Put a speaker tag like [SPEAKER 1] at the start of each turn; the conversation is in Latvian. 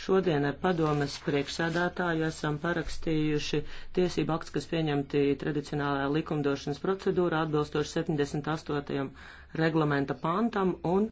[SPEAKER 1] Šodien ar padomas priekšsēdētāju esam parakstījuši tiesību akts, kas pieņemti tradicionālajā likumdošanas procedūrā atbilstoši 78.
[SPEAKER 2] reglamenta pantam un